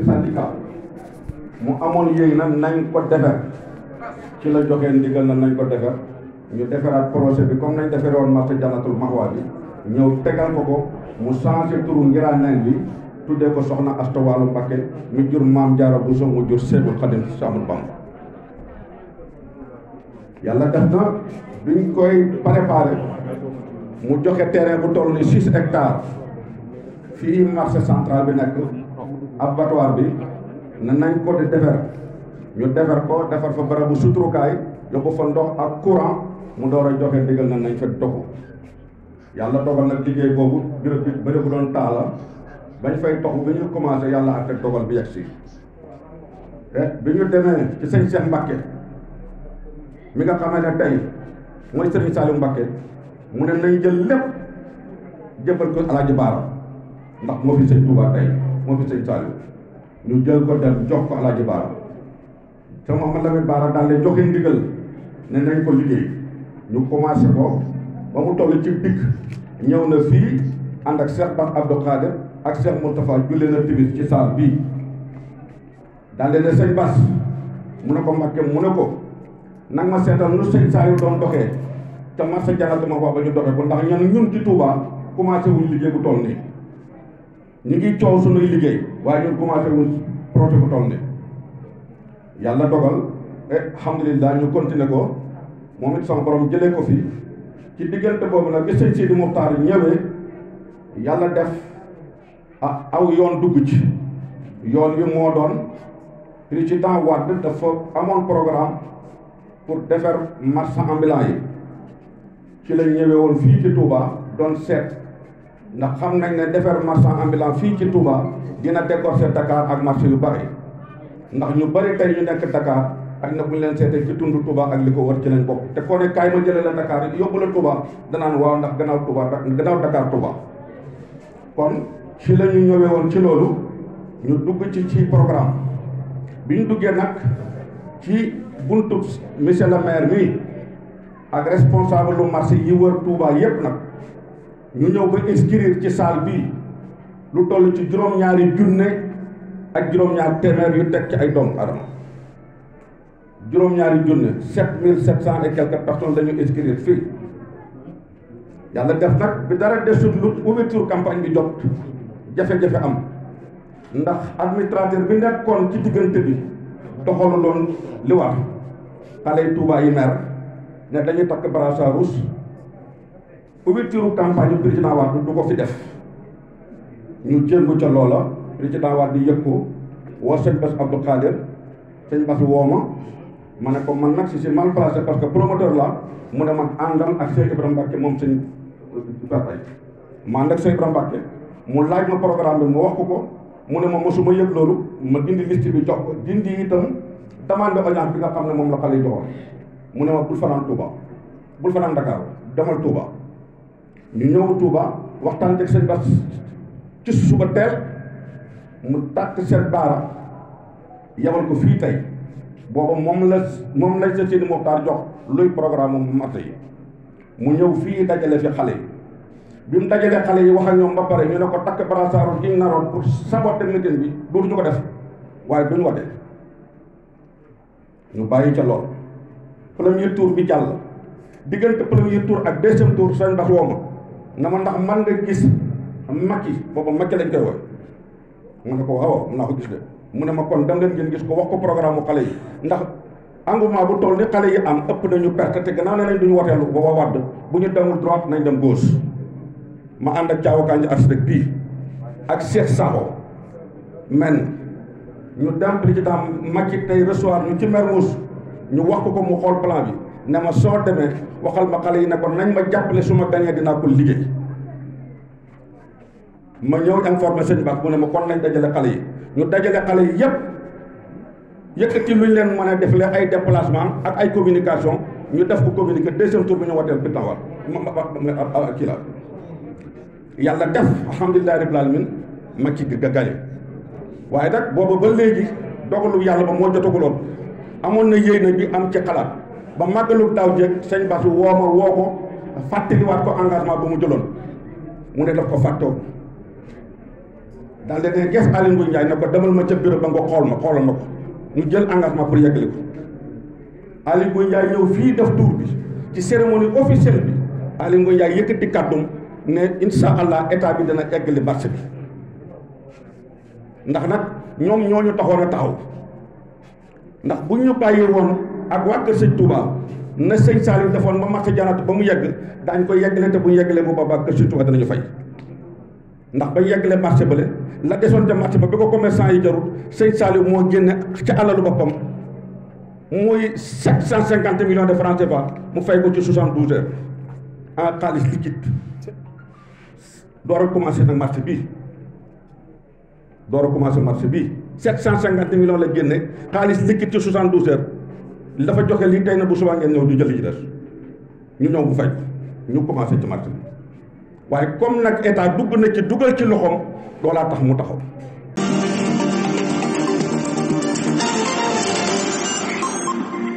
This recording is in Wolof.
nekk syndicat mu amoon yooyu na nañ ko defar ci la joxee ndigal na nañ ko defar ñu defaraat projet bi comme nañ defaree woon marché janatul maxwa bi ñëw tegal ko ko mu changé turu ngiraa nen bi tuddee ko soxna Asta Walu Mbakke mi jur maam bu Buso mu jur Seexul Xadim Saamul Bamba yàlla def na biñ koy préparé mu joxe terrain bu toll ni six hectares fii marché central bi nekk abattoir bi ne nañ ko di defar ñu defar ko defar fa barabu suturukaay yóbbu fa ndox ak courant mu door a joxe ndigal na nañ fa doxu yàlla dogal nag liggéey boobu béréb bi béréb bu doon taala bañ fay toxu bi ñu commencé yàlla ak rek dogal bi yegg si eh, bi ñu demee ci sëñ Cheikh Mbacke mi nga xamee ne tey mooy sëriñ Saliou mu ne nañ jël lépp jëbal ko Alaaji Baara ndax moo fi sëñ Touba tey moo fi sëñ Saliou ñu jël ko dem jox ko Alaaji Baara te Mouhamad Lamine Baara daal joxe ndigal ne nañ ko liggéey ñu commencé ko ba mu toll ci picc ñëw na fii ànd ak Cheikh Bat Abdou Khader ak Cheikh Moustapha jullee na timis ci saal bii daal di ne sëñ Bas mu ne ko Mbàkke mu ne ko nag ma seetal nu sëñ Saliou doon doxee te man sa jàllale ma wax ba ñu doxee ko ndax ñun ñun ci Touba commencé wuñ liggéey bu toll nii. ñu ngi coow suñuy liggéey waaye ñun commencé wuñ projet bu toll ni yàlla dogal eh alhamdulilah ñu continuer ko moom it sama jëlee ko fi ci diggante boobu nag bi di Sidi Muxtaar ñëwee yàlla def ah aw yoon dugg ci yoon wi moo doon président Wade dafa amoon programme pour defar marchand ambulant yi ci la ñëwee woon fii ci doon seet. ndax xam nañ ne defar marchand ambulant fii ci Touba dina décorser Dakar ak marché yu bari ndax ñu bari tey ñu nekk Dakar ak na bu ñu leen seetee ci tund Touba ak li ko wër ci lañ bokk te koo ne kaay ma jëlee la Dakar yóbbu la Touba danaan waaw ndax gannaaw Touba gannaaw Dakar Touba kon ci la ñu ñëwee woon ci loolu ñu dugg ci ci programme bi ñu duggee nag ci buntu monsieur le maire ak responsable lu marché yi wër Touba yépp nag ñu ñëw ba inscrire ci saal bii lu toll ci juróom-ñaari junne ak juróom-ñaar téeméer yu teg ci ay doomu adama juróom-ñaari junne sept mille sept cent et quelques personnes dañu inscrire fii yàlla def nag bi dara desut lu ouverture campagne bi jot jafe-jafe am ndax administrateur bi nekkoon ci diggante bi doxalu doon li war xale yi Touba yi mer ne dañuy takk brassard ouverture campagne bi président Wade du ko fi def ñu jéngu ca loola président Wade di yëg ko woo sëñ Bass Abdou Khadir wooma ma ne ko man nag si si mal placé parce que promoteur la mu ne man àndal ak Cheikh Ibrahima moom sëñ Bass ma ànd ak Cheikh Ibrahima Mbacke mu laaj ma programme ma wax ko ko mu ne ma mosuma yëg loolu ma dindi liste bi jox ko dindi itam demande audience bi nga xam ne moom la xale mu ne ma bul fanaan Touba bul fanaan Dakar ñu ñëw Touba waxtaan ak sëñ Bass ci suba teel mu tàkk seen baara yabal ko fii tey booba moom la moom lañ sa seeni Moxtaar jox luy programme mu matt yi mu ñëw fii dajale fi xale yi bi mu dajalee xale yi wax ak ba pare ñu ne ko takk brassard gi naroon pour saboter meeting bi ñu ko def waaye duñu wate ñu bàyyi ca lool premier tour bi jàll diggante premier tour ak deuxième tour sëñ Bass woo ma na ma ndax man nga gis Macky booba Macky lañ koy woy mu ne ko waaw mun naa ko gis de mu ne ma kon dem leen ngeen gis ko wax ko programme mu xale yi ndax engouement bu toll ni xale yi am ëpp nañu perte te gannaaw ne nañ duñu woteelu booba wàdd bu ñu demul droite nañ dem gauche ma ànd ak Thiaw Kandji architecte bii ak Cheikh Sakho men ñu dem président Macky tey recevoir ñu ci Mermoz ñu wax ko ko mu xool plan bi ne ma soo demee waxal ma xale yi ne ko nañ ma jàppale su ma gañee dinaa ko liggéey ma ñëw informé sëñ Ba mu ne ma kon nañ dajale xale yi ñu dajale xale yi yépp yëkkati luñ leen mën a def le ay déplacement ak ay communication ñu def ko communiqué deuxième tour bi ñu wateel bi tawal ma kii la yàlla def alhamdulilahi rabbil alamin ma ci gañe waaye nag booba ba léegi dogalu yàlla ba moo jotaguloon amoon na yéene bi am ci xalaat ba màggalu daaw jéeg sëñ Basu woo ma woo ko fàttaliwaat ko engagement bu mu jëloon mu ne daf ko fàttoo daal de ne ges Aly ne ko demal ma ca bureau ba nga xool ma xoolal ma ko ñu jël engagement pour yeggale ko Aly Ngouille Ndiaye ñëw fii def tour bi ci cérémonie officielle bi Aly Ngouille Ndiaye yëkkati kàddum ne insha allah état bi dana eggali marché bi ndax nag ñoom ñoo ñu taxoon a taxaw ndax bu ñu bàyyi woon ak waa kër sëñ Touba na sëñ Saliou defoon ba mat janaat ba mu yegg daañ koy yeggale te bu ñu yeggalee bu boobaa kër sëñ Touba danañu fay ndax ba yeggale marché bële la desoon ca marché ba bi ko commerçant yi jarul sëñ Saliou moo génne ca alalu boppam muy sept cent cinquante millions de francs CFA mu fay ko ci soixante douze heures en xaalis liquide door a commencé nag marché bii door a commencé marché bii sept cent cinquante millions la génne xaalis liquide ci soixante douze dafa joxe li tey na bu subaa ngeen ñëw ñu jël ci des ñu ñëw bu fay ñu commencé ci marché bi waaye comme nag état dugg na ci dugal ci loxoom laa tax mu taxaw